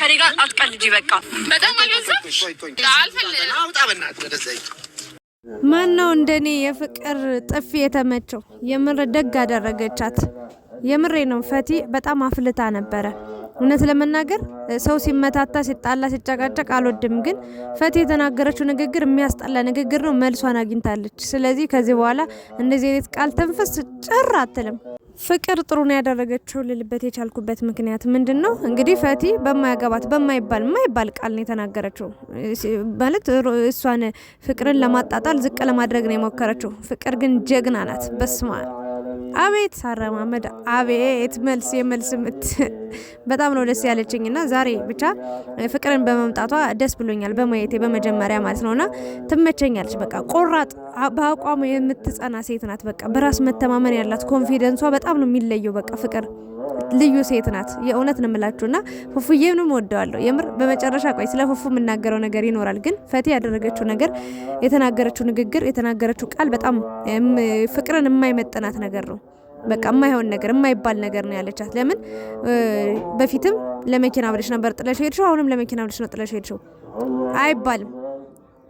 ከኔ ጋር አትቀልጂ። በቃ በጣም ማን ነው እንደኔ የፍቅር ጥፊ የተመቸው? የምር ደግ አደረገቻት። የምሬ ነው። ፈቲ በጣም አፍልታ ነበረ። እውነት ለመናገር ሰው ሲመታታ፣ ሲጣላ፣ ሲጨቃጨቅ አልወድም። ግን ፈት የተናገረችው ንግግር የሚያስጠላ ንግግር ነው። መልሷን አግኝታለች። ስለዚህ ከዚህ በኋላ እንደዚህ አይነት ቃል ተንፈስ ጭር አትልም። ፍቅር ጥሩ ነው ያደረገችው ልልበት የቻልኩበት ምክንያት ምንድን ነው? እንግዲህ ፈቲ በማያገባት በማይባል የማይባል ቃል ነው የተናገረችው። ማለት እሷን ፍቅርን ለማጣጣል ዝቅ ለማድረግ ነው የሞከረችው። ፍቅር ግን ጀግና ናት። በስማ አቤት አረማመድ፣ አቤት መልስ፣ የመልስ ምት በጣም ነው ደስ ያለችኝ እና ዛሬ ብቻ ፍቅርን በመምጣቷ ደስ ብሎኛል በማየቴ በመጀመሪያ ማለት ነውና ትመቸኛለች። በቃ ቆራጥ በአቋሙ የምትጸና ሴት ናት። በቃ በራስ መተማመን ያላት ኮንፊደንሷ በጣም ነው የሚለየው። በቃ ፍቅር ልዩ ሴት ናት። የእውነት ነው የምላችሁና ፉፉዬንም ወደዋለሁ የምር። በመጨረሻ ቆይ ስለ ፉፉ የምናገረው ነገር ይኖራል፣ ግን ፈቲ ያደረገችው ነገር፣ የተናገረችው ንግግር፣ የተናገረችው ቃል በጣም ፍቅርን የማይመጥናት ነገር ነው። በቃ የማይሆን ነገር የማይባል ነገር ነው ያለቻት። ለምን በፊትም ለመኪና ብለሽ ነበር ጥለሽ ሄድሽው፣ አሁንም ለመኪና ብለሽ ነው ጥለሽ ሄድሽው አይባልም።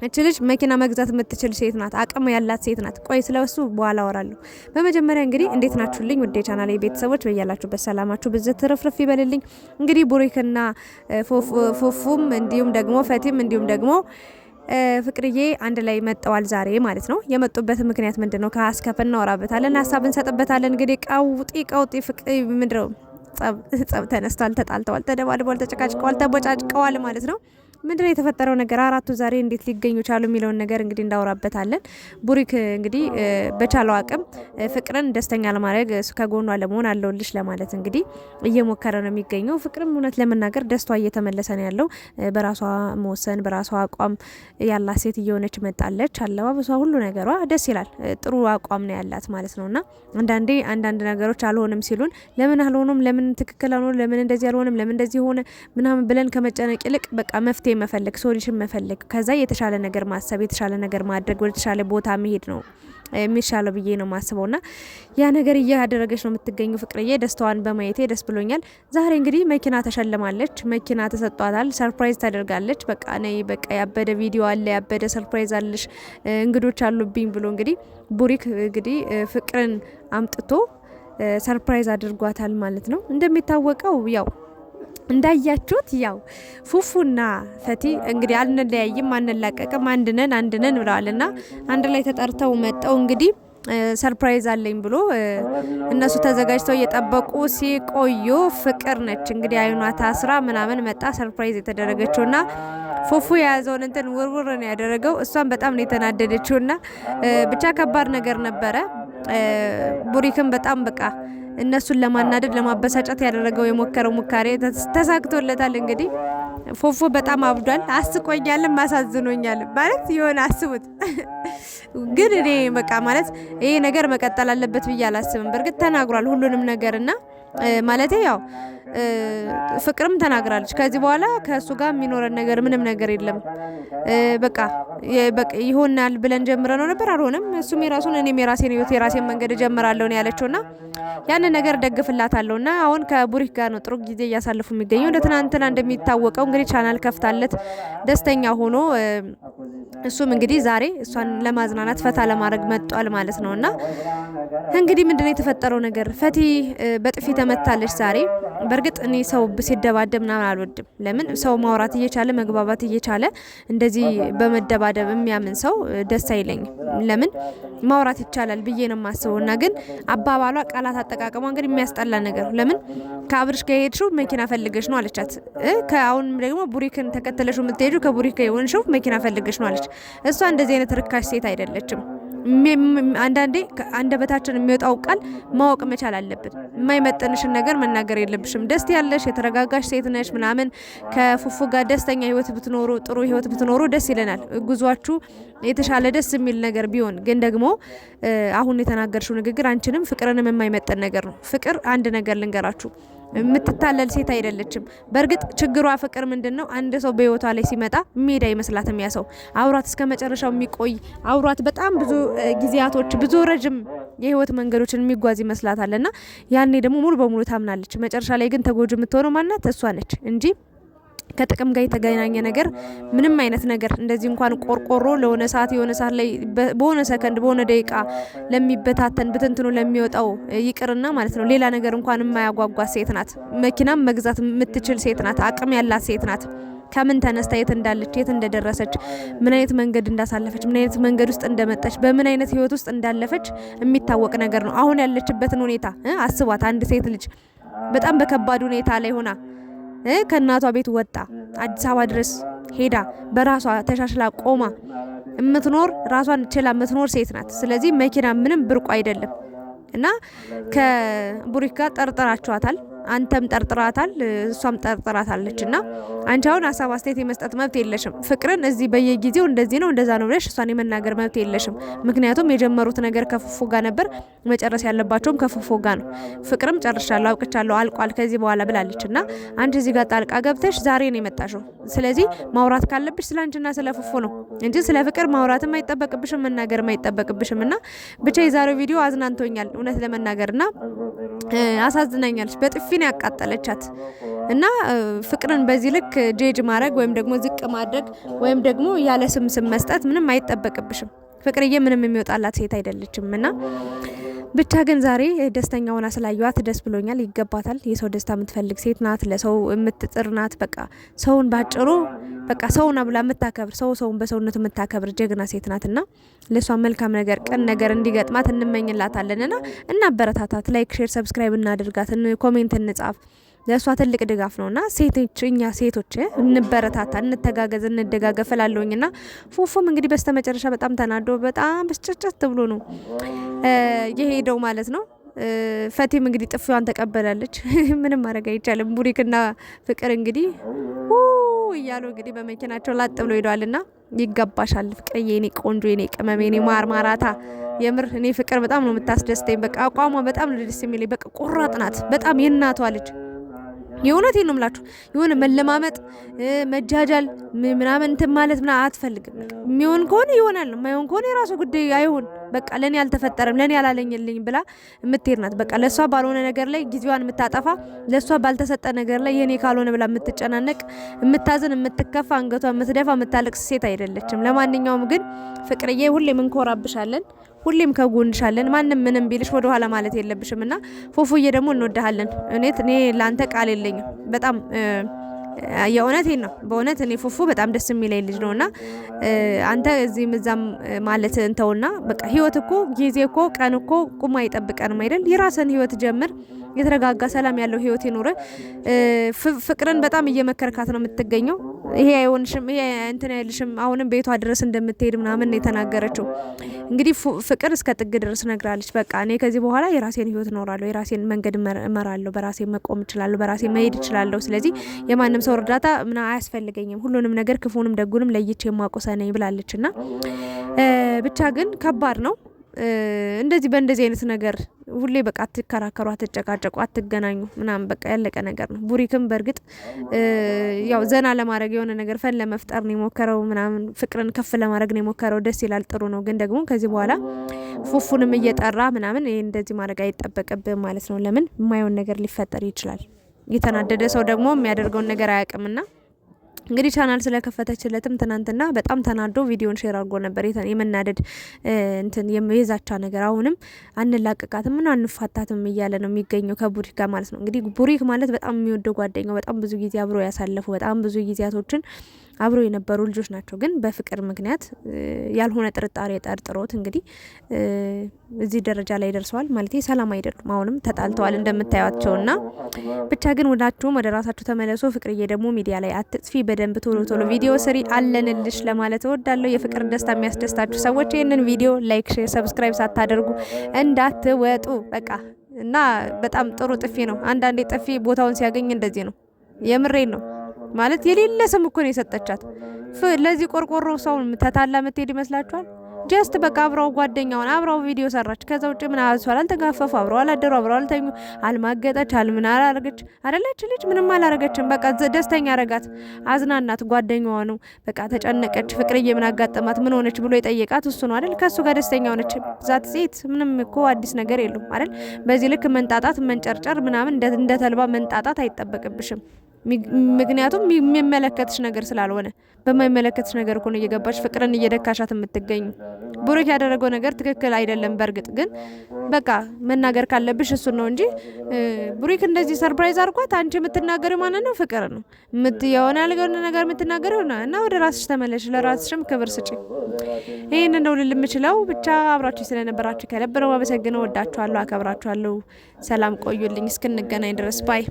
እች ልጅ መኪና መግዛት የምትችል ሴት ናት፣ አቅም ያላት ሴት ናት። ቆይ ስለሱ በኋላ አወራለሁ። በመጀመሪያ እንግዲህ እንዴት ናችሁልኝ ውዴ ቻናሌ ቤተሰቦች፣ በያላችሁበት ሰላማችሁ ብዝት ትርፍርፍ ይበልልኝ። እንግዲህ ቡሪክና ፎፉም እንዲሁም ደግሞ ፈቲም እንዲሁም ደግሞ ፍቅርዬ አንድ ላይ መጠዋል ዛሬ ማለት ነው። የመጡበት ምክንያት ምንድን ነው? ከአስከፍ እናወራበታለን፣ ሀሳብ እንሰጥበታለን። እንግዲህ ቀውጢ ቀውጢ ፍቅር ምንድነው? ጸብ ተነስቷል፣ ተጣልተዋል፣ ተደባድበዋል፣ ተጨቃጭቀዋል፣ ተቦጫጭቀዋል ማለት ነው። ነው የተፈጠረው ነገር፣ አራቱ ዛሬ እንዴት ሊገኙ ቻሉ የሚለውን ነገር እንግዲህ እንዳወራበታለን። ቡሪክ እንግዲህ በቻለው አቅም ፍቅርን ደስተኛ ለማድረግ ከጎኗ ለመሆን አለውልሽ ለማለት እንግዲህ እየሞከረ ነው የሚገኘው። ፍቅርም እውነት ለመናገር ደስቷ እየተመለሰ ነው ያለው። በራሷ መወሰን በራሷ አቋም ያላት ሴት እየሆነች መጣለች። አለባበሷ፣ ሁሉ ነገሯ ደስ ይላል። ጥሩ አቋም ነው ያላት ማለት ነውና አንዳንዴ አንዳንድ ነገሮች አልሆንም ሲሉን ለምን አልሆኑም፣ ለምን ትክክል አልሆኑ፣ ለምን እንደዚህ አልሆንም፣ ለምን እንደዚህ ሆነ ምናምን ብለን ከመጨነቅ ይልቅ በቃ መፍትሄ መፍትሄ መፈለግ፣ ሶሉሽን መፈለግ፣ ከዛ የተሻለ ነገር ማሰብ፣ የተሻለ ነገር ማድረግ፣ ወደ ተሻለ ቦታ መሄድ ነው የሚሻለው ብዬ ነው ማስበው። ና ያ ነገር እያደረገች ነው የምትገኘው ፍቅርዬ። ደስታዋን በማየቴ ደስ ብሎኛል። ዛሬ እንግዲህ መኪና ተሸልማለች፣ መኪና ተሰጧታል፣ ሰርፕራይዝ ታደርጋለች። በቃ ነይ በቃ ያበደ ቪዲዮ አለ፣ ያበደ ሰርፕራይዝ አለሽ፣ እንግዶች አሉብኝ ብሎ እንግዲህ ቡሪክ እንግዲህ ፍቅርን አምጥቶ ሰርፕራይዝ አድርጓታል ማለት ነው። እንደሚታወቀው ያው እንዳያችሁት ያው ፉፉና ፈቲ እንግዲህ አንለያይም፣ አንላቀቅም፣ አንድነን አንድነን ብለዋል እና አንድ ላይ ተጠርተው መጠው እንግዲህ ሰርፕራይዝ አለኝ ብሎ እነሱ ተዘጋጅተው እየጠበቁ ሲቆዩ ፍቅር ነች እንግዲህ አይኗ ታስራ ምናምን መጣ ሰርፕራይዝ የተደረገችው ና ፉፉ የያዘውን እንትን ውርውር ነው ያደረገው። እሷን በጣም ነው የተናደደችው ና ብቻ ከባድ ነገር ነበረ። ቡሪክን በጣም በቃ እነሱን ለማናደድ ለማበሳጨት ያደረገው የሞከረው ሙካሬ ተሳክቶለታል። እንግዲህ ፎፎ በጣም አብዷል። አስቆኛልም አሳዝኖኛልም። ማለት የሆነ አስቡት። ግን እኔ በቃ ማለት ይሄ ነገር መቀጠል አለበት ብዬ አላስብም። በእርግጥ ተናግሯል ሁሉንም ነገር እና ማለቴ ያው ፍቅርም ተናግራለች። ከዚህ በኋላ ከእሱ ጋር የሚኖረን ነገር ምንም ነገር የለም፣ በቃ ይሆናል ብለን ጀምረ ነው ነበር አልሆነም። እሱም የራሱን እኔም የራሴን ህይወት የራሴን መንገድ ጀምራለሁ ነው ያለችው ና ያንን ነገር ደግፍላታለሁ እና አሁን ከቡሪክ ጋር ነው ጥሩ ጊዜ እያሳለፉ የሚገኘው። እንደ ትናንትና እንደሚታወቀው እንግዲህ ቻናል ከፍታለት ደስተኛ ሆኖ እሱም እንግዲህ ዛሬ እሷን ለማዝናናት ፈታ ለማድረግ መጧል ማለት ነው እና እንግዲህ ምንድነው የተፈጠረው ነገር? ፈቲ በጥፊ ተመታለች ዛሬ በእርግጥ እኔ ሰው ሲደባደብ ምናምን አልወድም። ለምን ሰው ማውራት እየቻለ መግባባት እየቻለ እንደዚህ በመደባደብ የሚያምን ሰው ደስ አይለኝም። ለምን ማውራት ይቻላል ብዬ ነው የማስበው። እና ግን አባባሏ፣ ቃላት አጠቃቀሟ እንግዲህ የሚያስጠላ ነገር ለምን ከአብርሽ ጋር የሄድሽው መኪና ፈልገሽ ነው አለቻት። ከአሁን ደግሞ ቡሪክን ተከተለሽው የምትሄዱ ከቡሪክ የሆንሽው መኪና ፈልገሽ ነው አለች። እሷ እንደዚህ አይነት ርካሽ ሴት አይደለችም። አንዳንዴ አንደበታችን የሚወጣው ቃል ማወቅ መቻል አለብን። የማይመጠንሽን ነገር መናገር የለብሽም። ደስ ያለሽ የተረጋጋሽ ሴት ነሽ ምናምን ከፉፉ ጋር ደስተኛ ህይወት ብትኖሩ ጥሩ ህይወት ብትኖሩ ደስ ይለናል። ጉዟችሁ የተሻለ ደስ የሚል ነገር ቢሆን ግን ደግሞ አሁን የተናገርሽው ንግግር አንችንም ፍቅርንም የማይመጠን ነገር ነው። ፍቅር አንድ ነገር ልንገራችሁ የምትታለል ሴት አይደለችም። በእርግጥ ችግሯ ፍቅር ምንድን ነው? አንድ ሰው በህይወቷ ላይ ሲመጣ የሚሄድ አይመስላትም። ያ ሰው አውሯት እስከ መጨረሻው የሚቆይ አውሯት በጣም ብዙ ጊዜያቶች ብዙ ረጅም የህይወት መንገዶችን የሚጓዝ ይመስላታል እና ያኔ ደግሞ ሙሉ በሙሉ ታምናለች። መጨረሻ ላይ ግን ተጎጂ የምትሆነው ማናት? እሷ ነች እንጂ ከጥቅም ጋር የተገናኘ ነገር ምንም አይነት ነገር እንደዚህ እንኳን ቆርቆሮ ለሆነ ሰዓት የሆነ ሰዓት ላይ በሆነ ሰከንድ በሆነ ደቂቃ ለሚበታተን ብትንትኑ ለሚወጣው ይቅርና ማለት ነው ሌላ ነገር እንኳን የማያጓጓት ሴት ናት። መኪናም መግዛት የምትችል ሴት ናት። አቅም ያላት ሴት ናት። ከምን ተነስታ የት እንዳለች የት እንደደረሰች ምን አይነት መንገድ እንዳሳለፈች ምን አይነት መንገድ ውስጥ እንደመጣች በምን አይነት ህይወት ውስጥ እንዳለፈች የሚታወቅ ነገር ነው። አሁን ያለችበትን ሁኔታ አስቧት። አንድ ሴት ልጅ በጣም በከባድ ሁኔታ ላይ ሆና ከእናቷ ቤት ወጣ አዲስ አበባ ድረስ ሄዳ በራሷ ተሻሽላ ቆማ የምትኖር ራሷን ችላ የምትኖር ሴት ናት። ስለዚህ መኪና ምንም ብርቁ አይደለም እና ከቡሪክ ጋር ጠርጥራችኋታል። አንተም ጠርጥራታል፣ እሷም ጠርጥራታለች። እና አንቺ አሁን ሀሳብ አስተያየት የመስጠት መብት የለሽም። ፍቅርን እዚህ በየጊዜው እንደዚህ ነው እንደዛ ነው ብለሽ እሷን የመናገር መብት የለሽም። ምክንያቱም የጀመሩት ነገር ከፉፉ ጋር ነበር፣ መጨረስ ያለባቸውም ከፉፉ ጋር ነው። ፍቅርም ጨርሻለሁ፣ አውቅቻለሁ፣ አልቋል ከዚህ በኋላ ብላለች። እና አንቺ እዚህ ጋር ጣልቃ ገብተሽ ዛሬ ነው የመጣሽው። ስለዚህ ማውራት ካለብሽ ስለ አንቺና ስለ ፉፉ ነው እንጂ ስለ ፍቅር ማውራትም አይጠበቅብሽም፣ መናገርም አይጠበቅብሽም። እና ብቻ የዛሬው ቪዲዮ አዝናንቶኛል እውነት ለመናገር እና አሳዝናኛለች በጥፊ ነው ያቃጠለቻት። እና ፍቅርን በዚህ ልክ ጄጅ ማድረግ ወይም ደግሞ ዝቅ ማድረግ ወይም ደግሞ ያለ ስም ስም መስጠት ምንም አይጠበቅብሽም። ፍቅርዬ ምንም የሚወጣላት ሴት አይደለችም እና ብቻ ግን ዛሬ ደስተኛ ሆና ስላየዋት ደስ ብሎኛል። ይገባታል። የሰው ደስታ የምትፈልግ ሴት ናት። ለሰው የምትጥር ናት። በቃ ሰውን ባጭሩ በቃ ሰውን አብላ የምታከብር ሰው ሰውን በሰውነቱ የምታከብር ጀግና ሴት ናት እና ለእሷ መልካም ነገር ቀን ነገር እንዲገጥማት እንመኝላታለን እና እናበረታታት። ላይክ፣ ሼር፣ ሰብስክራይብ እናድርጋት። ኮሜንት እንጻፍ። ለእሷ ትልቅ ድጋፍ ነውና ሴቶች እኛ ሴቶች እንበረታታ፣ እንተጋገዝ፣ እንደጋገፍ እላለሁኝ ና ፉፉም እንግዲህ በስተመጨረሻ በጣም ተናዶ በጣም ብስጭጭት ብሎ ነው የሄደው ማለት ነው። ፈቲም እንግዲህ ጥፊዋን ተቀበላለች። ምንም ማድረግ አይቻልም። ቡሪክና ፍቅር እንግዲህ እያሉ እንግዲህ በመኪናቸው ላጥ ብሎ ሄደዋል ና ይገባሻል ፍቅር፣ የኔ ቆንጆ፣ የኔ ቅመም፣ የኔ ማርማራታ የምር እኔ ፍቅር በጣም ነው የምታስደስተኝ። በቃ አቋሟ በጣም ነው ደስ የሚለኝ። በቃ ቆራጥ ናት በጣም የእናቷ ልጅ የእውነቴን ነው የምላችሁ። የሆነ መለማመጥ፣ መጃጃል ምናምን እንትን ማለት ምና አትፈልግም። የሚሆን ከሆነ ይሆናል፣ የማይሆን ከሆነ የራሱ ጉዳይ አይሆን በቃ ለኔ አልተፈጠረም ለኔ አላለኝልኝ ብላ የምትሄድ ናት። በቃ ለእሷ ባልሆነ ነገር ላይ ጊዜዋን የምታጠፋ ለእሷ ባልተሰጠ ነገር ላይ የኔ ካልሆነ ብላ የምትጨናነቅ የምታዝን፣ የምትከፋ፣ አንገቷ የምትደፋ፣ የምታለቅስ ሴት አይደለችም። ለማንኛውም ግን ፍቅርዬ ሁሌም እንኮራብሻለን ሁሌም ከጎንሻለን። ማንም ምንም ቢልሽ ወደ ኋላ ማለት የለብሽም እና ፉፉዬ ደግሞ እንወድሃለን። እኔት እኔ ለአንተ ቃል የለኝም በጣም የእውነቴን ነው። በእውነት እኔ ፉፉ በጣም ደስ የሚለኝ ልጅ እና አንተ እዚህም እዛም ማለት እንተውና፣ በቃ ህይወት እኮ ጊዜ እኮ ቀን እኮ ቁማ ይጠብቀንም አይደል? የራስን ህይወት ጀምር። የተረጋጋ ሰላም ያለው ህይወት የኖረ ፍቅርን በጣም እየመከርካት ነው የምትገኘው። ይሄ አይሆንሽም፣ ይሄ እንትን አይልሽም፣ አሁንም ቤቷ ድረስ እንደምትሄድ ምናምን የተናገረችው እንግዲህ ፍቅር እስከ ጥግ ድረስ ነግራለች። በቃ እኔ ከዚህ በኋላ የራሴን ህይወት እኖራለሁ፣ የራሴን መንገድ እመራለሁ፣ በራሴ መቆም እችላለሁ፣ በራሴ መሄድ እችላለሁ። ስለዚህ የማንም ሰው እርዳታ ምና አያስፈልገኝም፣ ሁሉንም ነገር ክፉንም ደጉንም ለይቼ የማቆሰ ነኝ ብላለች እና ብቻ ግን ከባድ ነው። እንደዚህ በእንደዚህ አይነት ነገር ሁሌ በቃ አትከራከሩ፣ አትጨቃጨቁ፣ አትገናኙ ምናምን በቃ ያለቀ ነገር ነው። ቡሪክም በእርግጥ ያው ዘና ለማድረግ የሆነ ነገር ፈን ለመፍጠር ነው የሞከረው ምናምን ፍቅርን ከፍ ለማድረግ ነው የሞከረው። ደስ ይላል፣ ጥሩ ነው። ግን ደግሞ ከዚህ በኋላ ፉፉንም እየጠራ ምናምን ይህ እንደዚህ ማድረግ አይጠበቅብም ማለት ነው። ለምን የማየውን ነገር ሊፈጠር ይችላል። የተናደደ ሰው ደግሞ የሚያደርገውን ነገር አያውቅምና እንግዲህ ቻናል ስለከፈተችለትም ትናንትና በጣም ተናዶ ቪዲዮን ሼር አድርጎ ነበር። የመናደድ እንትን የዛቻ ነገር አሁንም አንላቀቃትም እና አንፋታትም እያለ ነው የሚገኘው ከቡሪክ ጋር ማለት ነው። እንግዲህ ቡሪክ ማለት በጣም የሚወደው ጓደኛው፣ በጣም ብዙ ጊዜ አብሮ ያሳለፉ፣ በጣም ብዙ ጊዜያቶችን አብረው የነበሩ ልጆች ናቸው። ግን በፍቅር ምክንያት ያልሆነ ጥርጣሬ ጠርጥሮት እንግዲህ እዚህ ደረጃ ላይ ደርሰዋል ማለት ሰላም አይደሉም። አሁንም ተጣልተዋል እንደምታያቸው ና ብቻ ግን ወዳችሁም ወደ ራሳችሁ ተመለሱ። ፍቅርዬ ደግሞ ሚዲያ ላይ አትጥፊ፣ በደንብ ቶሎ ቶሎ ቪዲዮ ስሪ፣ አለንልሽ ለማለት እወዳለሁ። የፍቅር ደስታ የሚያስደስታችሁ ሰዎች ይህንን ቪዲዮ ላይክ፣ ሼር፣ ሰብስክራይብ ሳታደርጉ እንዳትወጡ በቃ እና በጣም ጥሩ ጥፊ ነው። አንዳንዴ ጥፊ ቦታውን ሲያገኝ እንደዚህ ነው። የምሬን ነው። ማለት የሌለ ስም እኮ ነው የሰጠቻት። ለዚህ ቆርቆሮ ሰው ተታላ ምትሄድ ይመስላችኋል? ጀስት በቃ አብረው ጓደኛውን አብረው ቪዲዮ ሰራች። ከዛ ውጭ ምን አሷል? አልተጋፈፉ፣ አብረው አላደሩ፣ አብረው አልተኙ፣ አልማገጠች፣ አልምን አላረገች። አደላች ልጅ ምንም አላረገችም። በቃ ደስተኛ አረጋት፣ አዝናናት። ጓደኛዋ ነው በቃ ተጨነቀች። ፍቅርዬ ምን አጋጠማት? ምን ሆነች ብሎ የጠየቃት እሱ ነው አደል? ከእሱ ጋር ደስተኛ ሆነች። ዛት ሴት ምንም እኮ አዲስ ነገር የለም አደል? በዚህ ልክ መንጣጣት፣ መንጨርጨር ምናምን እንደ ተልባ መንጣጣት አይጠበቅብሽም። ምክንያቱም የሚመለከትሽ ነገር ስላልሆነ በማይመለከትሽ ነገር እኮ ነው እየገባሽ ፍቅርን እየደካሻት የምትገኝ። ብሩክ ያደረገው ነገር ትክክል አይደለም። በእርግጥ ግን በቃ መናገር ካለብሽ እሱን ነው እንጂ ብሩክ እንደዚህ ሰርፕራይዝ አርኳት አንቺ የምትናገር ማለት ነው ፍቅር ነው የሆነ ያልሆነ ነገር የምትናገር ሆነ እና ወደ ራስሽ ተመለሽ፣ ለራስሽም ክብር ስጪ። ይህን እንደው ልል የምችለው ብቻ አብራችሁ ስለነበራችሁ ከለብረው ነው አመሰግነው። ወዳችኋለሁ፣ አከብራችኋለሁ። ሰላም ቆዩልኝ። እስክንገናኝ ድረስ ባይ